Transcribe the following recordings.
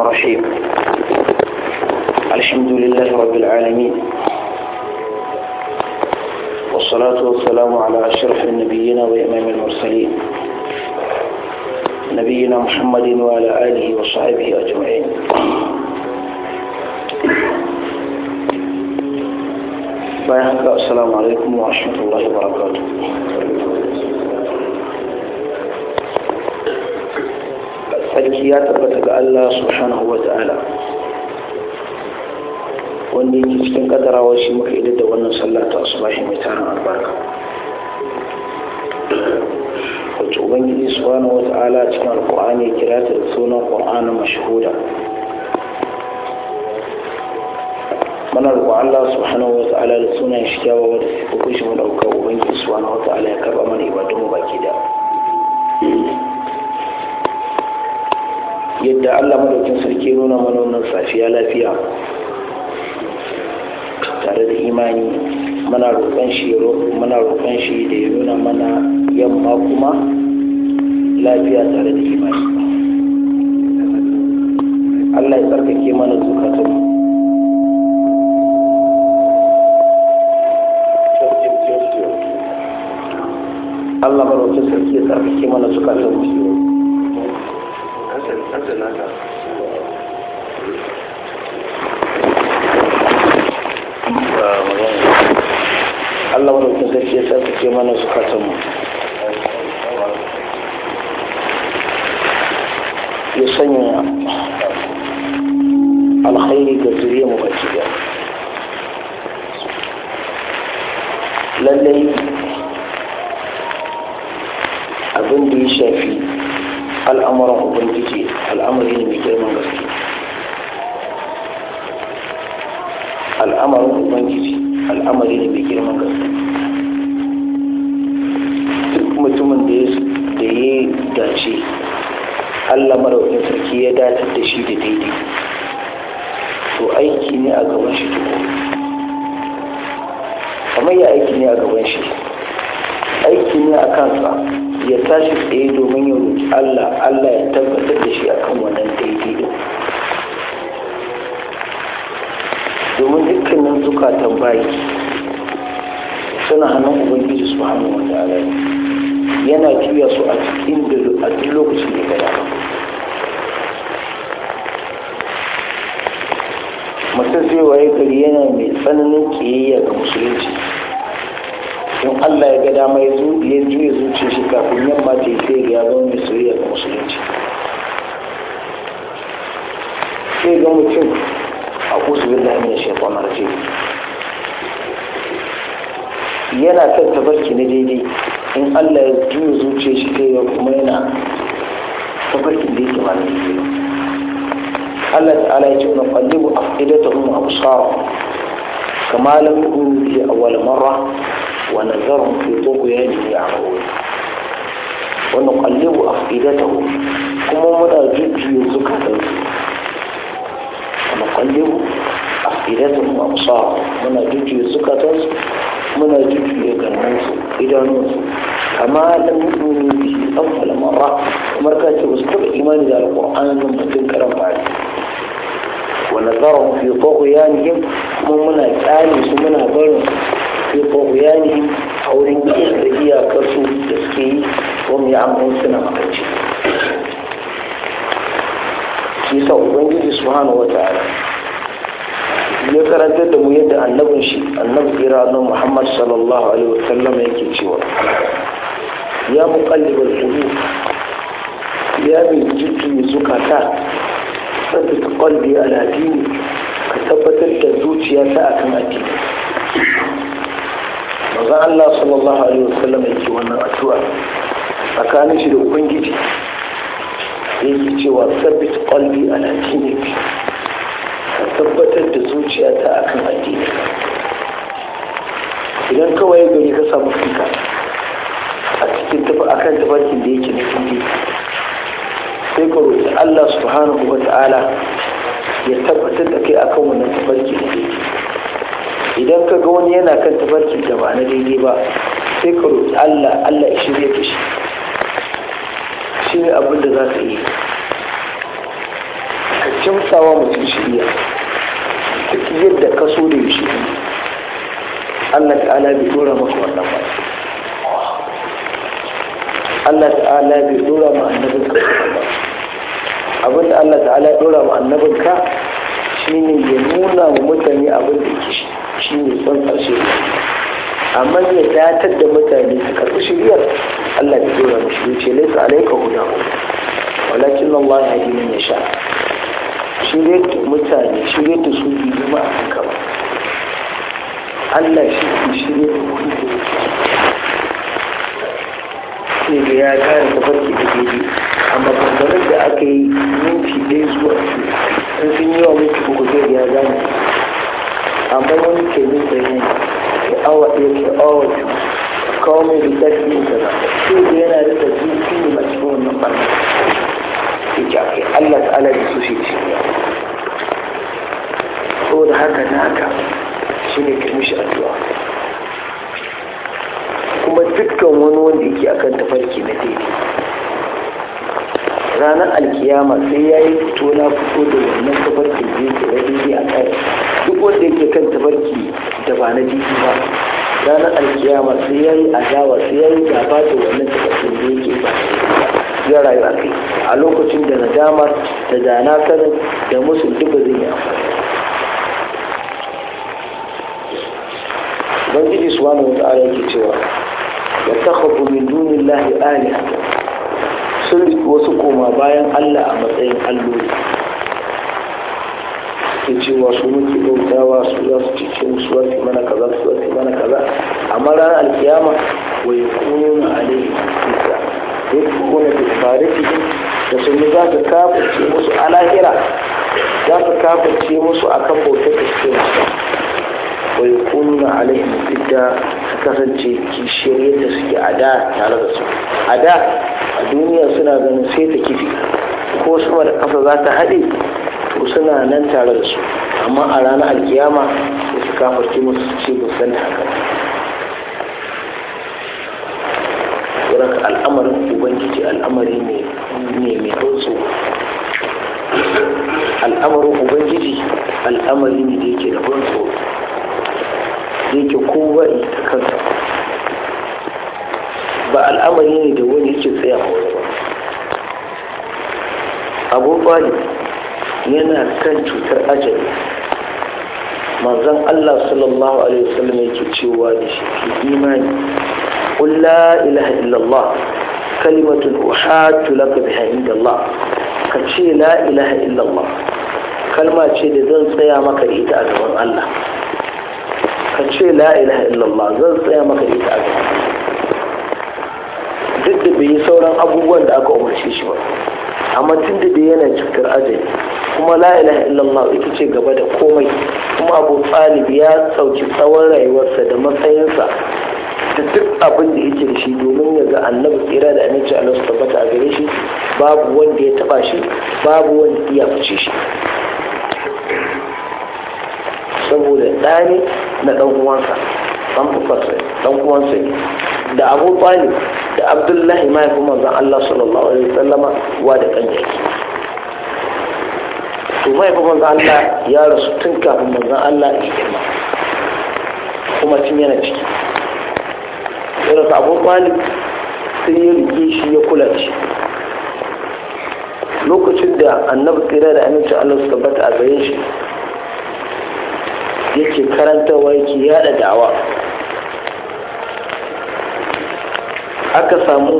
الرحيم الحمد لله رب العالمين والصلاة والسلام على أشرف النبيين وإمام المرسلين نبينا محمد وعلى آله وصحبه أجمعين السلام عليكم ورحمة الله وبركاته sarki ya tabbata ga Allah subhanahu wa ta'ala wanda yake cikin kadarawa shi muka yi da wannan sallah ta asubahi mai tarin albarka wacce ubangiji subhanahu wa ta'ala cikin alkur'ani ya kira ta da sunan qur'anin mashhuda mana roƙon Allah subhanahu wa ta'ala da sunan shi kyawawa da sifofin shi mu dauka ubangiji subhanahu wa ta'ala ya karba mana Allah madaukin sarki nuna mana wannan safiya lafiya tare da imani mana roƙon shi mana roƙon shi da ya nuna mana yamma kuma lafiya tare da imani Allah ya tsarkake mana zukatun Allah wata sarki ya tsarkake mana suka san ciwo al'amarin ubangiji al'amari ne mai girman gaske duk mutumin da ya dace allah maraukin sarki ya datar da shi da daidai to aiki ne a gaban shi duk kamar ya aiki ne a gaban shi aiki ne a kansa ya tashi tsaye domin ya roƙi allah allah ya tabbatar da shi akan wannan daidai domin dukkanin zukatan bayi suna hannun ubangiji su hannun wata yana juya su a cikin da a lokacin da gada mutum zai waye gari yana mai tsananin kiyayya ga musulunci in allah ya ga dama ya juya zuciya shi kafin yamma ta yi sai ya zama mai soyayya ga musulunci sai ga mutum أعوذ بالله من الشيطان الرجيم yana kan tabarki na daidai in Allah ya juya zuciya shi ta yau kuma yana tabarkin da yake mana daidai Allah ta'ala ya ce na qallibu afidatahum wa absar kama lam yakunu fi awwal marra wa nazarhum fi tughyanihim ya'mahun wa nuqallibu afidatahum kuma muna jujjuya zukatansu nuqallibu afidatuhum wa absarahum muna jujjuya zukatansu muna jujjuya ganinsu idanunsu kama lam yu'minu bihi awwal marra kamar ka ce wasu taɓa imani da alƙur'anin mutum karan bari wa nazarahum fi tughyanihim kuma muna tsani su muna barin fi tughyanihim a wurin iya da iyakarsu da suke yi wa mu yi amma suna makanci shi yasa ubangiji subhanahu wataala ya karantar da mu yadda annabin shi annabi kira na muhammad sallallahu alaihi wasallam yake cewa ya muqallibal qulub ya mai jujjuyi zukata sabbata qalbi ala dini ka tabbatar da zuciya ta akan addini manzo Allah sallallahu alaihi wasallam yake wannan addu'a tsakanin shi da ubangiji yake cewa sabit kwalbi a dinik ka tabbatar da zuciyata akan addini idan kawai gari ka samu fika a cikin tafi akan tafarkin da yake nufin ne sai ka roƙi Allah subhanahu wa ta'ala ya tabbatar da kai akan wannan tafarki da yake idan ka ga wani yana kan tafarkin da ba na daidai ba sai ka roƙi Allah Allah ya shirya shi ne abin da za ka yi ka kyautawa mutum shirya ta yadda ka so da yaushe Allah ta'ala bai dora maka wannan ba Allah ta'ala bai dora ma annabin ka ba abin da Allah ta'ala ya dora ma annabin ka shine ya nuna wa mutane abin da ke shi ne son ƙarshe amma ya datar da mutane su karɓi shiriyar Allah ya dora mu shi ce laysa alayka huda walakin Allah ya yi man yasha ne mutane shirye ta su yi ma a haka ba Allah shi ke ne da wani da sai da ya kare tafarki da daidai amma bambamin da aka yi minti ɗaya zuwa su in sun yi wa minti uku zai ya gane amma wani ke minti ɗaya ne awa ɗaya ke awa biyu kawo mai rigar biyu da ba sai da yana da biyu biyu masu cikin wannan ɓarna sai ki akai Allah ta'ala da su shi ce saboda haka na haka shi ne kai mishi addu'a kuma dukkan wani wanda yake akan tafarki na daidai ranar alkiyama sai ya yi fito na fito da wannan tabarki da yake da a kai duk wanda yake kan tabarki da ba na jiki ba ranar alkiyama sai ya yi adawa sai ya yi gaba da wannan takardun da yake ba ya rayu a kai a lokacin da nadama da dana sanin da musu duka zai yi amfani ubangiji subhanahu wata ala yake cewa ya takhafu min lahi aliha sun wasu koma bayan Allah a matsayin alloli suke cewa su muke bautawa su za su cece mu su warke mana kaza su warke mana kaza amma ranar alkiyama wa yakunu alaihi kisa kuma bi farifihim da su sun za su kafirce musu a lahira za su kafirce musu a kan bautar da suke musu wa yakunu alaihi kisa su kasance kishiyar yadda suke a da tare da su a da a duniya suna ganin sai ta kifi ko sama da ƙasa za ta haɗe to suna nan tare da su amma a ranar alkiyama sai su kafarci musu su ce musan da haka wurin al'amarin ubangiji al'amari ne mai rutsu al'amarin ubangiji al'amari ne da yake da rutsu da yake kowa ta kansa ba al'amari ne da wani yake tsaya wani ba abu fali yana kan cutar ajali manzon Allah sallallahu alaihi wasallam yake cewa da shi ki imani qul la ilaha illallah kalimatun uhatu laka biha inda Allah ka ce la ilaha illallah kalma ce da zan tsaya maka ita a gaban Allah ka ce la ilaha illallah zan tsaya maka ita a gaban duk da bai yi sauran abubuwan da aka umarce shi ba amma tun da yana cutar ajali kuma la ilaha illallah ita ce gaba da komai kuma abu talib ya sauki tsawon rayuwarsa da matsayinsa da duk abin da yake da shi domin ya ga annabi tsira da aminci a su tabbata a gare shi babu wanda ya taba shi babu wanda iya fice shi saboda ɗani na ɗan uwansa ɗan fufarsa ɗan uwansa da abu talib da abdullahi mahaifin manzon Allah sallallahu alaihi wasallama wa da ƙanjaki to mahaifin manzo Allah ya rasu tun kafin manzo Allah ya girma kuma tun yana ciki ya rasu abu kwali sai ya rike shi ya kula shi lokacin da annabi tsira da aminci Allah su tabbata a gare shi yake karantarwa yake yada dawa aka samu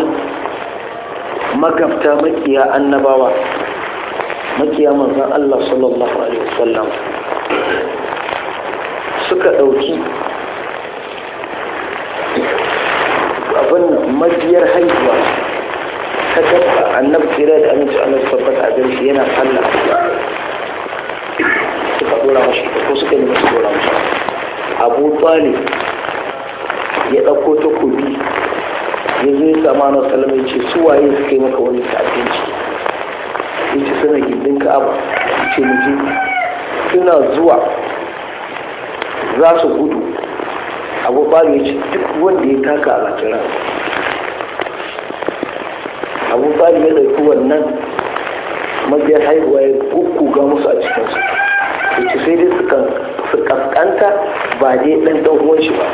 magafta makiya annabawa makiya manzan Allah sallallahu alaihi wasallam suka ɗauki abin mabiyar haihuwa ta dabba annabi tsira da aminci annabi tabbata a gari yana sallah suka dora mashi ko suka yi masu dora mashi abu ne ya ɗauko takobi ya zo ya sama na salama ce su waye suka yi maka wani ta'addanci sai ce suna gindin ka'aba ce miji suna zuwa za su gudu abu ɓari ya ce duk wanda ya taka a bakin ran abu ɓari ya ɗauki wannan mabiyar haihuwa ya ga musu a cikinsu ya ce sai dai su kaskanta ba dai ɗan ɗan uwan shi ba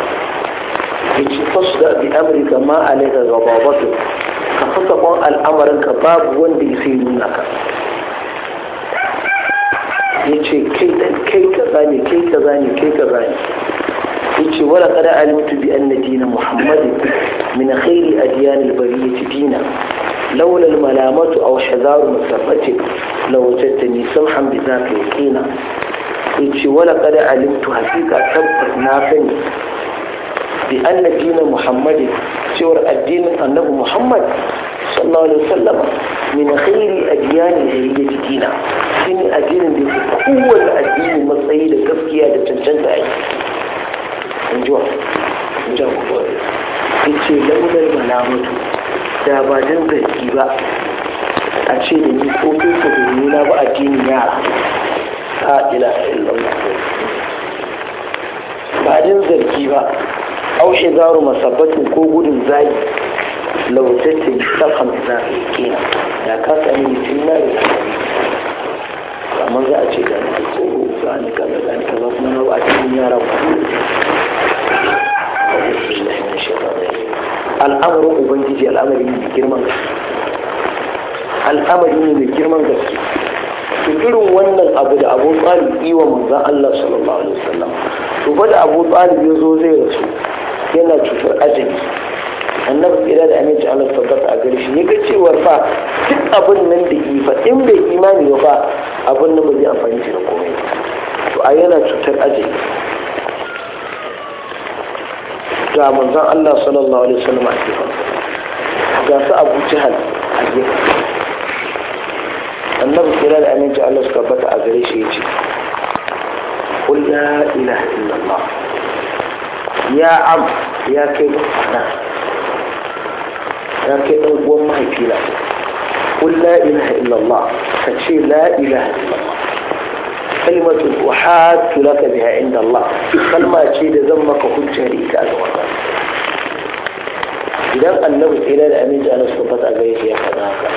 ya ce fasu da bi amurka ma alaika ga babatu sakon al'amarin ka babu wanda ya sai nuna ka ya ce kai kaza ne kai kaza ne kai kaza ne ya ce wala kada alimtu bi anna dina muhammadin min khairi adiyan albariyati dina لولا الملامة أو حذار مسافتك لوجدتني سمحا بذاك يقينا يتي ولقد علمت حقيقة تبت نافني بأن دين محمد cewar addinin annabi muhammad sallallahu alaihi wasallam min khairi adiyani jahiliyyati dina yi addinin da yake kowanne addini matsayi da gaskiya da cancanta a yi in ji wa in ji Ya ce launar malamatu da ba don gaski ba a ce da ni ko kai ka nuna ba addini yara a ila illallah ba don zargi ba au shigaru masabbatin ko gudun zagi lautattun sakan na kina da ka sami mutum na da amma za a ce da ni tsoro za ni kaza za ni kaza kuma na ba a cikin yara ku al'amarin ubangiji al'amari ne girman gaske al'amari ne mai girman gaske to irin wannan abu da abu talib iwa manzan Allah sallallahu alaihi wasallam to ba da abu talib ya zo zai rasu yana cutar azumi annabi tsira da aminci Allah tabbata a gari shi ne ga cewar fa duk abin nan da yi fa in bai imani ba abin nan ba zai amfani shi da komai to a yana cutar azumi ga manzon Allah sallallahu alaihi wasallam a cikin ga su Abu jihar a gefen annabi tsira da aminci Allah tabbata a gari shi ya ce قل لا إله إلا الله ya am ya kai na ya kai ɗan uwan mahaifina قل لا إله إلا الله فتشي لا إله إلا الله كلمة أحاد لك بها عند الله كلمة تشيد ذمك حجة a أزواجا idan annabi tsira da aminci ana su fata ga ya faɗa haka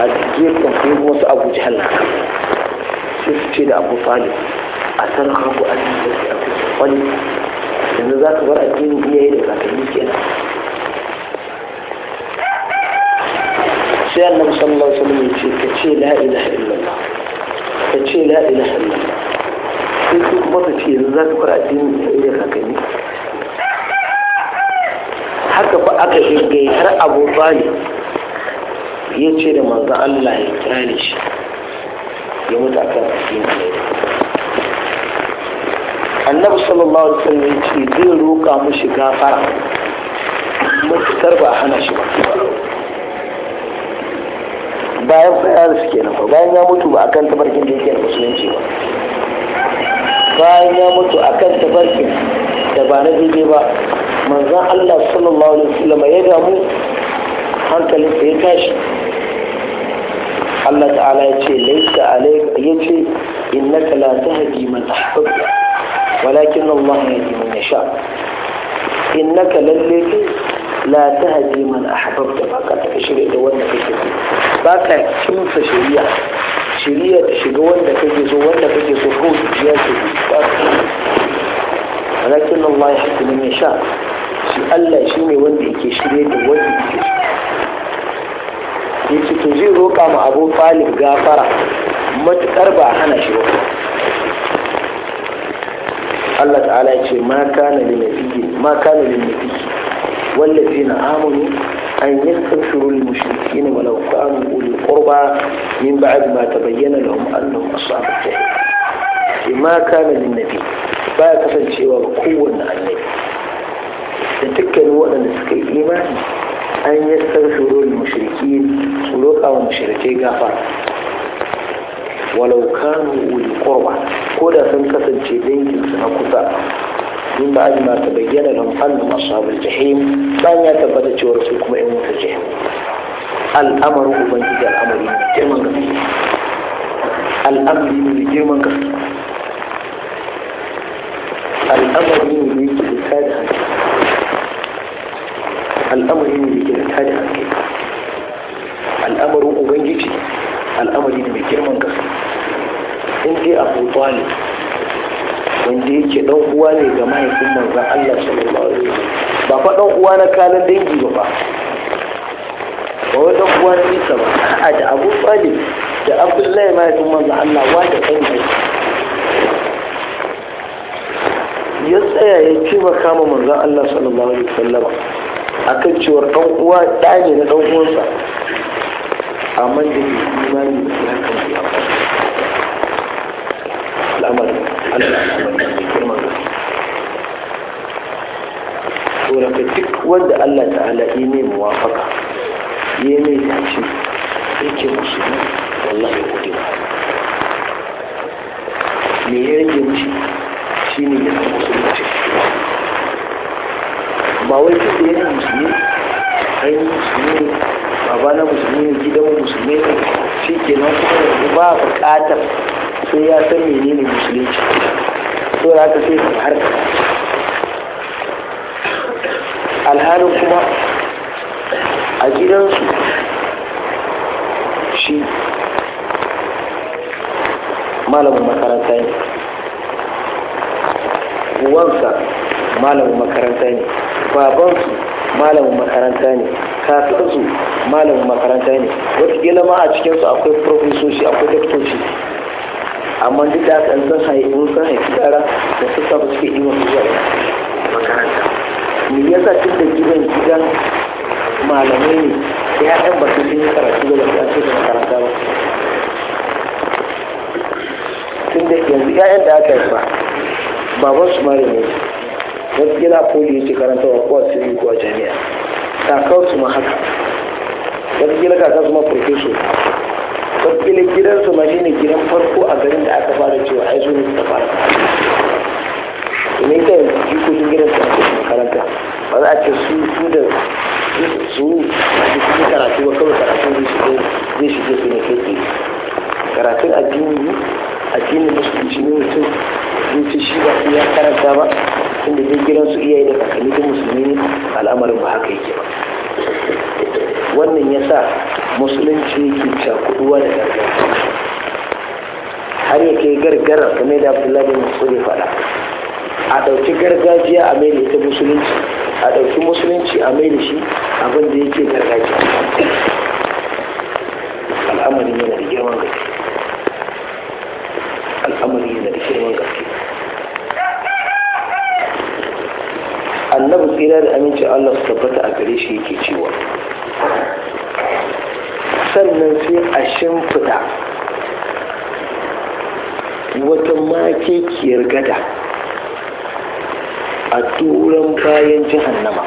a gefen kai wasu abu jihar na sai su ce da abu talib a san haku a cikin wani yanzu za ka bar addinin iyaye da kakanni kenan sai annabi sallallahu alaihi wasallam ya ce ka ce la ilaha illallah ka ce la ilaha illallah sai su kuma ka ce yanzu za ka bar addinin iyaye da kakanni haka fa aka gaggai har abu bali ya ce da manzan Allah ya kira ne shi ya mutu akan addinin iyaye annabi sallallahu alaihi wasallam ya ce zai roƙa mushi gafara mutar ba hana shi ba bayan fayar su kenan ba bayan ya mutu ba akan tabarkin da yake da musulunci ba bayan ya mutu akan tabarkin da ba na daidai ba manzan Allah sallallahu alaihi wasallam ya damu hankalinsa ya tashi Allah ta'ala ya ce laisa alaika ya ce innaka la tahdi man ahbabta walakin Allah ya yi mun yasha innaka lalle kai la tahdi man ahbabta ba ka tafi shirye da wanda kake so ba ka kimsa shari'a shari'a ta shiga wanda kake so wanda kake so ko ya ce ba walakin Allah ya hadi mun shi Allah shi ne wanda da wanda yake so to zai roƙa ma abu talib gafara matuƙar ba hana shi ba Allah ta'ala ya ce ma kana lin nabiyyi ma kana lin nabiyyi wallazina amanu an yastaghfiru lil mushrikeena walau kanu ulil qurba min ba'd ma tabayyana lahum annahum ashabul jahim ce ma kana lin nabiyyi baya kasancewa ga kowanne annabi da dukkanin waɗanda suka yi imani an yastaghfiru lil mushrikeena su roƙa wa mushrike gafara walau kanu uli ko da sun kasance dangin su na kusa min ba ma ta bayyana lam annum ashabul jahim bayan ya tabbata cewa su kuma in mutu jahim al'amarin ubangiji al'amari ne girman gaske al'amari ne girman gaske al'amari ne da yake da tada hankali al'amari ne da yake da tada hankali al'amarin ubangiji in dai abu ne wanda yake dan uwa ne ga mahaifin manza Allah sallallahu alaihi ba fa dan uwa na kalan dangi ba ba ba wai dan uwa na nisa ba a da abu ne da abdullahi mahaifin manza Allah wa da kai ne ya tsaya ya taimaka ma manzon Allah sallallahu alaihi a kan cewar dan uwa ɗa ne na dan uwansa amma da imani ya kamata al'amari Allah al'amari mai girman gaske to daga duk wanda Allah ta'ala yi mai muwafaka yi mai dace yake musulmi wallahi gode ba me ya rage mishi shi ne yana musulunci ba wai duk da yana musulmi ai musulmi ne baba na musulmi gidan musulmi ne shi ke nan kuma yanzu ba buƙatar sai ya san menene musulunci to da haka sai su harka Alhali kuma a gidansu shi malamin makaranta ne uwansa malamin makaranta ne babansu malamin makaranta ne kakansu malamin makaranta ne wata ma a cikinsu akwai profesoshi akwai daktoci amma duk da kan san in san haifi tsara da su ba suke iwon zuwa makaranta me yasa duk da gidan gidan malamai ne da ɗan ba sun yi karatu da wasu ake da makaranta ba tun da yanzu ya da aka yi ba baban su mara ne wasu gina koli yake karanta wa kowa su yi kowa jami'a kakansu ma haka wasu gina kakansu ma farfesu wakilin gidansu ma shine gidan farko a garin da aka fara cewa ai zuwa ta fara ne ta gidan gidansu a cikin makaranta ba za a ce su su da su su cikin karatu ba kawai karatu zai shige su ne kai tsaye karatun addini addini musulunci ne mutum zai ce shi ba ya karanta ba inda zai su iyaye da kakanni da musulmi ne al'amarin ba haka yake ba wannan ya sa musulunci ke cakuduwa da gargajiya har yake gargara game da abdullahi musulun fada a ɗauki gargajiya a mai da ita musulunci a ɗauki musulunci a mai da shi abin da yake gargajiya al'amari yana da girman gaske al'amari yana da girman gaske annabi tsira da aminci allah su tabbata a gare shi yake cewa sannan sai a shimfida wata makekiyar gada a turan bayan jihannama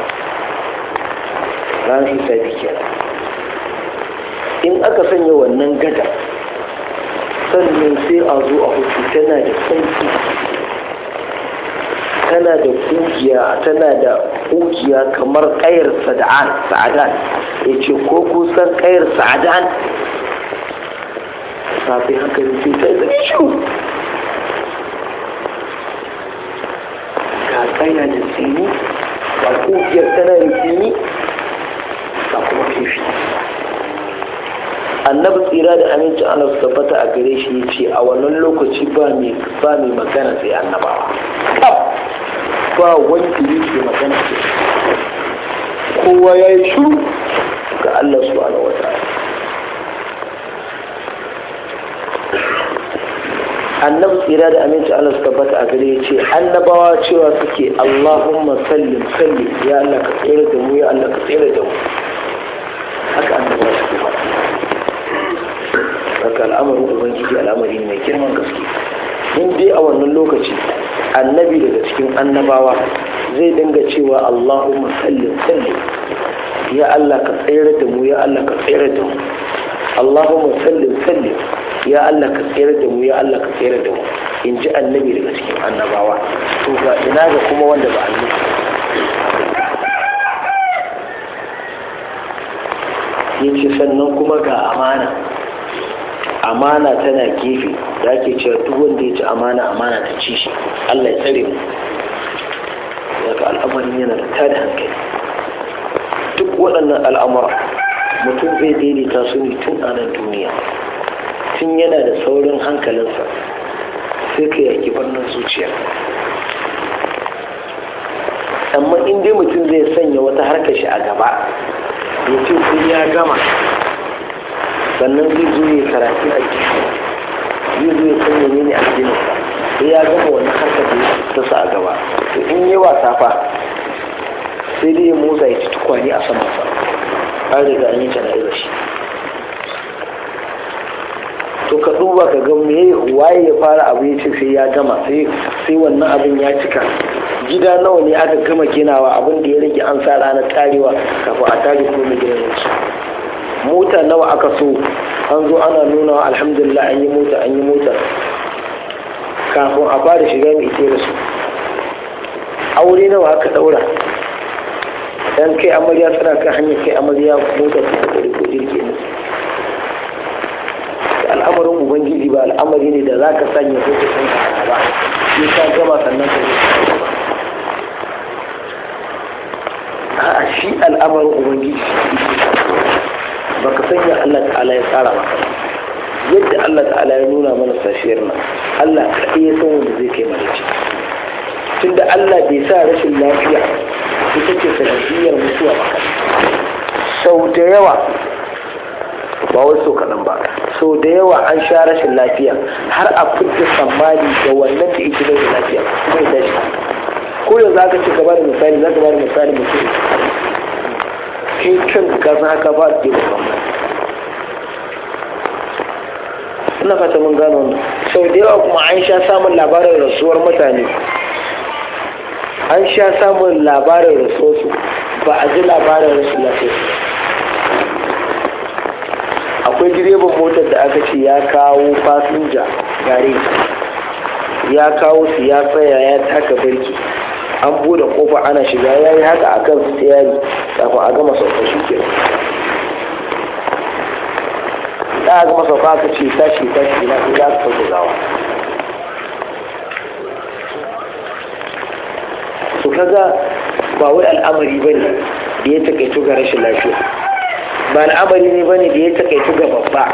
ran hisabi kenan in aka sanya wannan gada sannan sai a zo a hutu tana da sanki tana da kugiya tana da kukiya kamar kayar sa'adan ya ce ko kusan kayar sa'adan safi haka ya ce ta zai shi ga kaya da tsini ga kukiyar tana da tsini ga kuma kifi annabi tsira da aminci ana tabbata a gare shi ya ce a wannan lokaci ba mai magana sai annabawa ba iri ke magana ce. kowa ya yi shuru ga Allah su ala wata annabi tsira da aminci Allah su tabbata a gare ya ce annabawa cewa suke Allahumma sallim sallim ya Allah ka tsere da mu ya Allah ka tsere da mu haka annabawa suke fara haka al'amarin ubangiji al'amari mai girman gaske in dai a wannan lokaci annabi daga cikin annabawa zai dinga cewa Allahumma salli salli ya Allah ka tsere da mu ya Allah ka tsere da mu Allahumma salli salli ya Allah ka tsere da mu ya Allah ka tsere da mu in ji annabi daga cikin annabawa to ga ina ga kuma wanda ba annabi ya ce sannan kuma ga amana amana tana gefe da ake cewa duk wanda ya ci amana amana ta ci shi allah ya tsare mu daga al'amarin yana da tada hankali duk waɗannan al'amura mutum zai daidaita su ne tun a nan duniya tun yana da saurin hankalinsa sai ka yaki wannan zuciya amma in dai mutum zai sanya wata harkashi shi a gaba mutum sun ya gama sannan zai zo ya karatu a jiki zai zo ya san ne a addinin sai ya gama wani harka da ta sa a gaba to in yi wasa fa sai dai ya motsa ya ci tukwane a sama sa an riga an yi jana'izar shi to ka duba ka ga me waye ya fara abu ya ce sai ya gama sai wannan abin ya cika gida nawa ne aka gama ginawa abin da ya rage an sa ranar tarewa kafin a tare komai gidan yanci mota nawa aka so an zo ana nuna alhamdulillah an yi mota an yi mota kafin a fara shiga mai ita da su aure nawa aka daura dan kai amarya tana kai hanyar kai amarya mota ta kokari ko jirgi ne al'amarin ubangiji ba al'amari ne da za ka sanya ko ka san ka ba shi ka gama sannan ka yi ba a shi al'amarin ubangiji Baka san sanya Allah ta'ala ya tsara maka yadda Allah ta'ala ya nuna mana safiyar nan Allah ka iya san wanda zai kai mara tunda Allah bai sa rashin lafiya ita take sanadiyar mutuwa ba sau da yawa ba wai so kaɗan ba sau da yawa an sha rashin lafiya har a fitar tsammani da wannan da ita da lafiya kuma ya tashi ko yanzu aka ci gaba da misali za ka ba da misali mutum shi cin kasan haka ba a jibin ina fata mun gano ne. sau da yawa kuma an sha samun labarin rasuwar mutane an sha samun labarin rasuwarsu ba a ji labarin rasu lafiya akwai direban motar da aka ce ya kawo fasinja gare ya kawo su ya tsaya ya taka birki an bude kofa ana shiga ya yi haka a kan tsayari kafin a gama sauka shi ke da a gama sauka aka ce tashi tashi na ta za ka sauka gawa su kaga ba wai al'amari ba ne da ya takaitu ga rashin lafiya ba al'amari ne ba ne da ya takaitu ga babba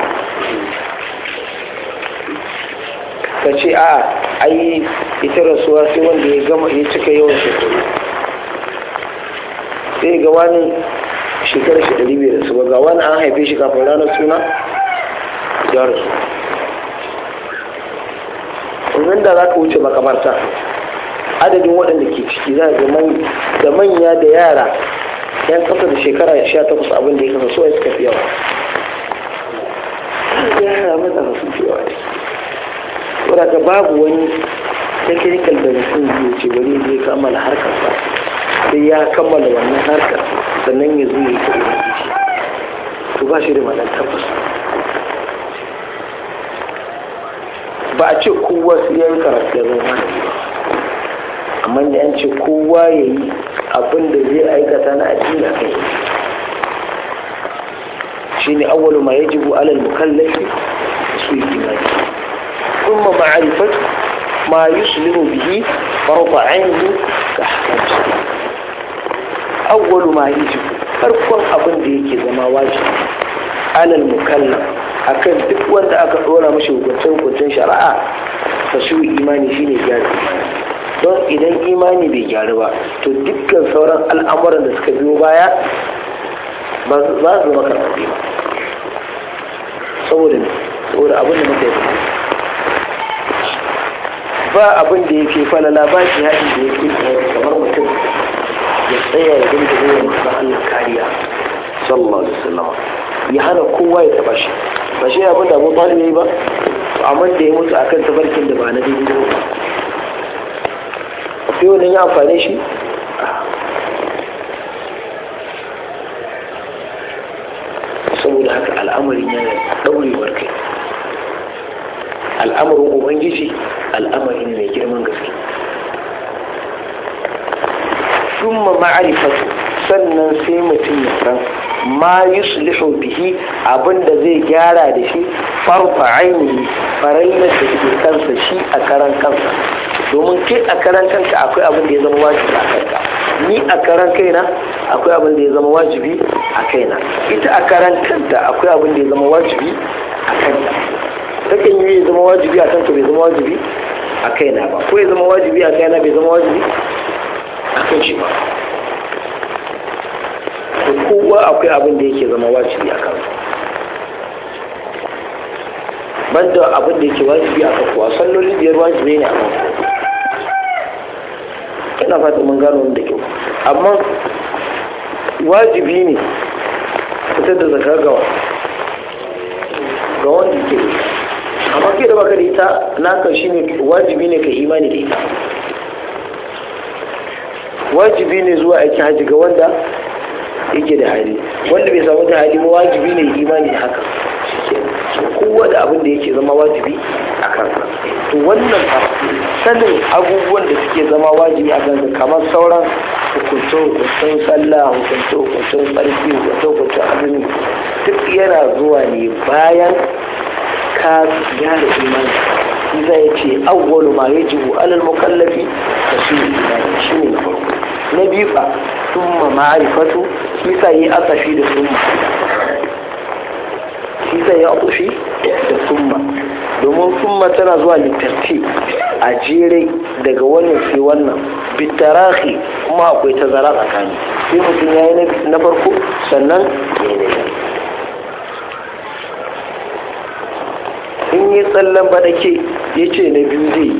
ka ce a'a ai ita rasuwa sai wanda ya gama ya cika yawan shekaru sai ga wani shekarar shi ɗari biyar su ga wani an haife shi kafin ranar suna ya rasu domin da za ka wuce makamarta adadin waɗanda ke ciki za da manya da yara yan kasa da shekara sha takwas abin da ya kasa so ya suka fi yawa yara mata su fi yawa saboda babu wani technical da mutum zai ce wani zai kammala harkar ba sai ya kammala wannan harkar sannan ya zuwa ya kare da shi to ba shi da malam tabbas ba a ce kowa su ya yi karatu da zama da ba amma da an ce kowa ya yi abin da zai aikata na addini a kai shi ne awwalu ma yajibu alal mukallafi ثم معرفة ما يسلم به فرض عينه كحكمته أول ما يجب farkon abin da yake zama wajibi alal mukallaf akan duk wanda aka ɗora mashi hukuncin hukuncin shari'a ta su gyara don idan imani bai gyaru ba to dukkan sauran al'amuran da suka biyo baya ba za su zama karfafi ba saboda saboda abin da muka yi ba abin da yake falala ba shi haɗi da yake tsaye kamar mutum ya tsaya ya dinga yin ba Allah kariya sallallahu alaihi wasallam ya hana kowa ya taba shi ba shi abin da Abu Talib yayi ba amma da ya mutu akan tabarkin da ba na daidai ba sai wani ya amfani shi saboda haka al'amarin yana daurewar kai al'amarin ubangiji al'amari ma'arifatu sannan sai mutum ya san ma yuslihu bihi abinda zai gyara da shi farfa ainihi farallar da ke kansa shi a karan kansa domin kai a karan kanka akwai abin da ya zama wajibi a kanka ni a karan kaina akwai abin da ya zama wajibi a kaina ita a karan kanta akwai abin da ya zama wajibi a kanta takan yi ya zama wajibi a kanka bai zama wajibi a kaina ba ko ya zama wajibi a kaina bai zama wajibi a kan shi ba Da kowa akwai abin da yake zama wajibi a ban banda abin da yake wajibi a kan kowa salloli biyar wajibi ne a kan ina fata mun gano da kyau amma wajibi ne fitar da zakar gawa ga wanda ke amma ke da baka da ita naka shi ne wajibi ne ka imani da ita wajibi ne zuwa aikin hajji ga wanda yake da hali wanda bai samu da hali ba wajibi ne imani da haka kowa da abin da yake zama wajibi a kansa to wannan ba sanin abubuwan da suke zama wajibi a kansa kamar sauran hukunce hukuntun sallah hukunce hukuntun tsarki hukunce hukuntun azumi duk yana zuwa ne bayan ka gyara imani Iza ya ce awwalu ma yajibu alal mukallafi da shi imani shi ne na farko na biyu ba summa ma'arifatu shi yi asafi da summa nisa yi da domin summa tana zuwa littarti a jere daga wannan sai wannan bitarahi kuma akwai tazara tsakani sai mutum ya yi na farko sannan ya yi na in yi tsallan baɗake ya ce na biyu zai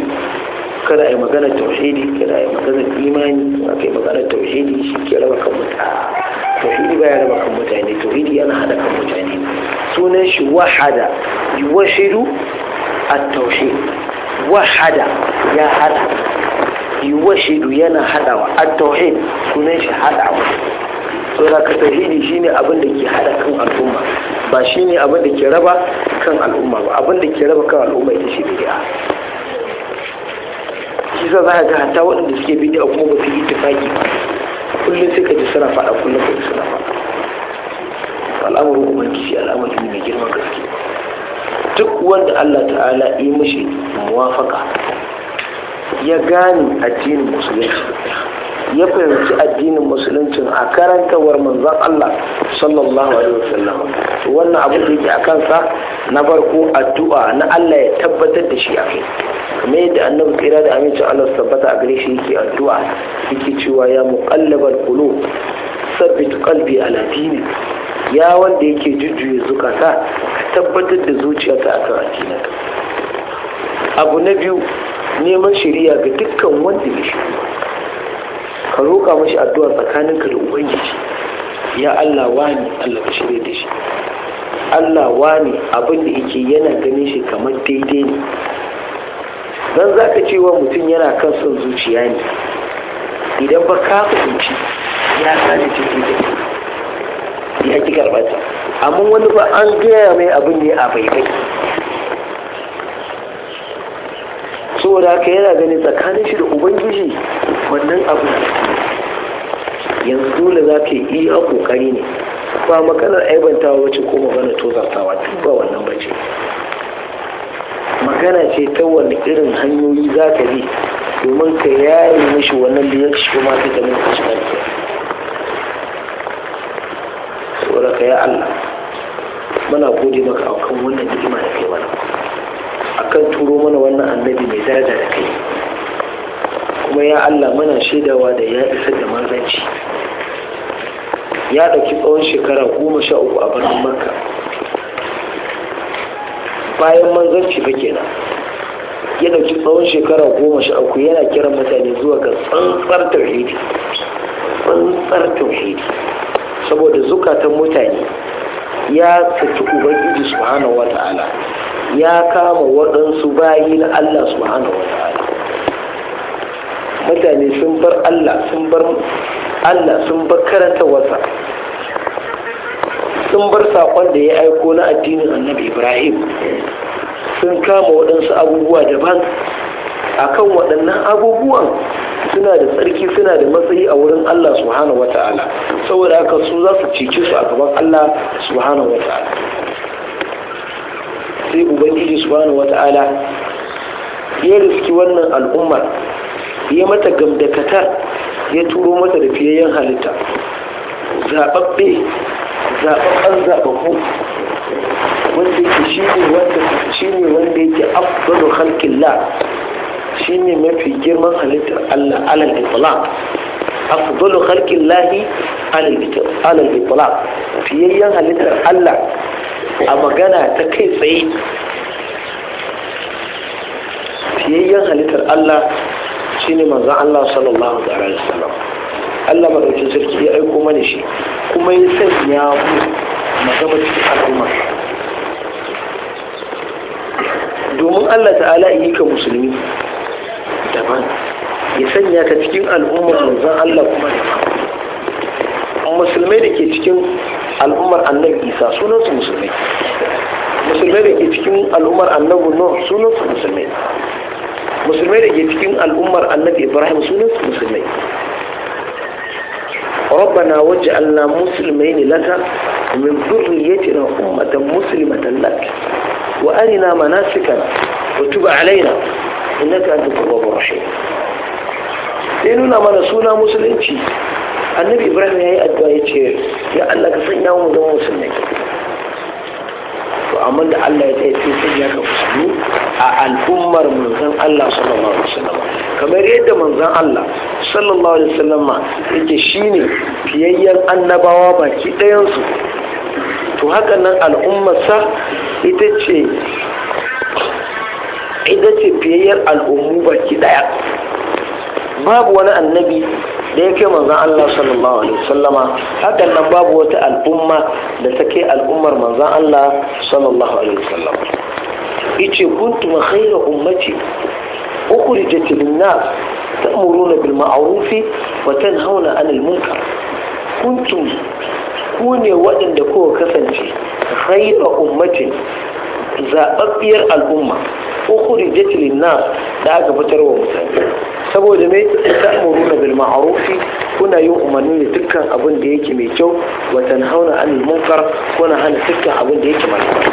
kada a yi magana tauhidi kada a yi magana imani a yi magana tauhidi shi ke raba kan mutane tauhidi baya raba kan mutane tauhidi yana hada kan mutane sunan shi wahada yuwashidu at-tauhid wahada ya hada yuwashidu yana hadawa a tauhid sunan shi hadawa saboda ka tauhidi shine abin da ke hada kan al'umma ba shine abin da ke raba kan al'umma ba abin da ke raba kan al'umma ita shi bid'a shi sa za ga hatta waɗanda suke bi da kuma ba su yi tafaki ba kullum sai ka ji suna faɗa kullum ka ji suna faɗa al'amarin ubangiji al'amari ne mai girman gaske duk wanda Allah ta'ala yi mashi muwafaka ya gane addinin musulunci ya fahimci addinin musuluncin a karantawar manzan Allah sallallahu alaihi wasallam wannan abu da yake a kansa na farko addu'a na Allah ya tabbatar da shi a kai kamar yadda annabi tsira da amincin Allah sabbata a gare shi yake addu'a yake cewa ya muqallabal qulub sabbit qalbi ala dini ya wanda yake jujjuye zukata ka tabbatar da zuciyarka akan addini abu na biyu neman shari'a ga dukkan wanda ya shi ka roƙa mashi addu'a tsakanin da ubangiji ya Allah wani Allah ka shirya da shi Allah wani abin da yake yana ganin shi kamar daidai ne don za ka ce wa mutum yana kan son zuciya ne idan ba ka fahimci ya sani cikin da ya ki karbata amma wani ba an gaya mai abin ne a faifai saboda haka yana ganin tsakanin shi da ubangiji wannan abu yanzu dole za ka yi iya kokari ne ba maganar aibantawa wacce ko magana tozartawa duk ba wannan bace magana ce ta wani irin hanyoyi za ka bi domin ka yayi mishi wannan da ya shigo ma ta da mutum shi barke saboda ka ya Allah muna gode maka kan wannan ni'ima da kai mana A kan turo mana wannan annabi mai daraja da kai kuma ya Allah muna shaidawa da ya isar da manzanci ya ɗauki tsawon shekara goma sha uku a birnin makka bayan manzanci ke kenan ya dauki tsawon shekara goma shi uku yana kiran mutane zuwa ga tsantsar tauhidi tsantsar tauhidi saboda zukatan mutane ya saki ubangiji subhanahu wata'ala ya kama waɗansu bayi na Allah subhanahu wata'ala mutane sun bar Allah sun bar Allah sun bar karanta wasa sun bar saƙon da ya aiko na addinin annabi ibrahim sun kama waɗansu abubuwa daban kan waɗannan abubuwan suna da tsarki suna da matsayi a wurin Allah subhanahu wa ta'ala saboda aka su za su cece su a gaban Allah subhanahu wa ta'ala sai ubangiji subhanahu wa ta'ala ya riski wannan al'umma ya mata gamdakatar ya turo mata da fiyayyen halitta zaɓaɓɓe zaɓaɓɓen zaɓaɓɓu wanda yake shi ne wanda shi ne wanda yake afdalu khalqillah shi ne mafi girman halittar Allah alal itlaq afdalu lahi alal itlaq fiyayyen halittar Allah a magana ta kai tsaye fiyayyen halittar Allah shine manzon Allah sallallahu alaihi wasallam Allah madaukin sarki ya aiko mana shi kuma ya sanya mu gaba cikin al'umma domin Allah ta'ala yi ka musulmi daban ya sanya ka cikin al'ummar manzan Allah kuma daban musulmai da ke cikin al'ummar annabi isa sunansu musulmai musulmai da ke cikin al'ummar annabi nuh sunansu musulmai musulmai da ke cikin al'ummar annabi ibrahim sunansu musulmai ربنا واجعلنا مسلمين لك ومن ذريتنا أمة مسلمة لك وأرنا مناسكنا وتب علينا إنك أنت التواب الرحيم sai nuna mana suna musulunci annabi ibrahim ya yi addu'a ya ce ya allah ka sanya mu zama musulmi to da allah ya tsaye sai sanya ka musulmi a al'ummar manzon allah kamar yadda manzon allah sallallahu alaihi wasallam yake shine fiyayyen annabawa baki ɗayansu to haka nan al'ummarsa ita ce ita ce fiyayyar al'ummu baki ɗaya babu wani annabi da ya kai manzan Allah sallallahu alaihi wasallam hakan nan babu wata al'umma da ta kai al'ummar manzan Allah sallallahu alaihi wasallam ice kuntu khayra ummati ukhrijat lin-nas ta'muruna bil ma'ruf wa tanhauna 'anil munkar kuntum ku ne waɗanda kowa kasance khayra ummatin zaɓaɓɓiyar al'umma ukhrijat lin na da aka fitar wa mutane saboda me ta'muruna a ma'ruf kuna yin umarni da dukkan abin da yake mai kyau watan hauna 'anil munkar kuna hana dukkan abin da yake kyau.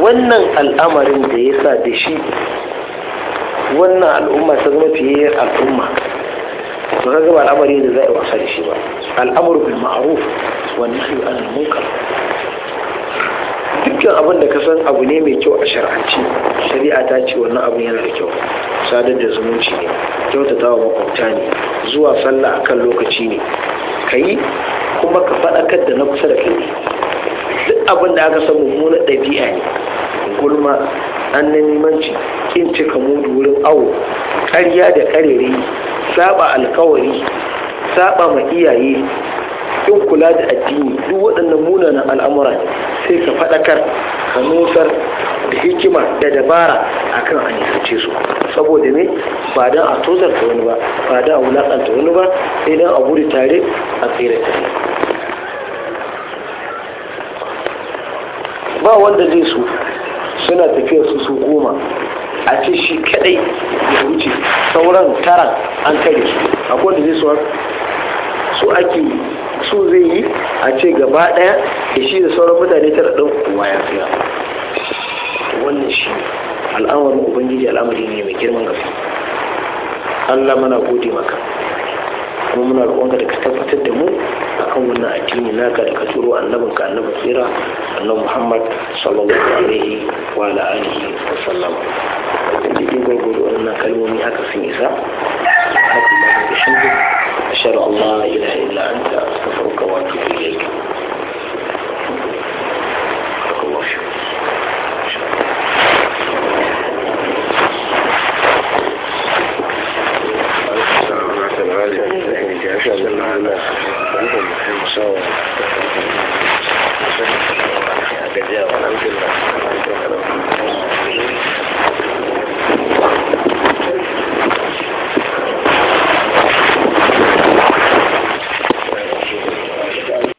wannan al'amarin da ya sa da shi wannan al'umma ta zama fiye al'umma to ka gaba al'amari da za a yi wasa da shi ba al'amuru bil ma'ruf wa shi anil munkar dukkan abin da ka san abu ne mai kyau a shar'anci shari'a ta ce wannan abin yana da kyau sadar da zumunci ne kyautata wa makwabta ne zuwa sallah kan lokaci ne ka yi kuma ka faɗakar da na kusa da kai duk abin da aka san mummunan ɗabi'a ne gulma nemanci kin cika mudu wurin awo ƙarya da ƙarere saba alkawari saba ma iyaye in kula da addini duk waɗannan munanan al'amura sai ka faɗakar ka nusar da hikima da dabara akan a nisance su saboda ne ba don a ta wani ba ba don a wulaƙanta wani ba sai don a guri tare a tsere tare ba wanda zai su suna tafiya su su goma a ce shi kadai ya wuce sauran taran an kare shi, akwai kodin zai sauran su ake su zai yi a ce gaba daya da shi da sauran mutane tara ɗin kowa ya tsaya wannan shi al'amarin ubangiji al'amari ne mai girman gaske Allah mana gode maka kuma muna roƙonka da ka tabbatar da mu akan wannan addini naka da ka turo annabin ka annabin tsira annabi Muhammad sallallahu alaihi wa ala alihi wa sallam cikin gurgudu wannan kalmomi haka sun isa haka ma da shi ashhadu an la ilaha illa anta astaghfiruka wa atubu ilayk Thank you. So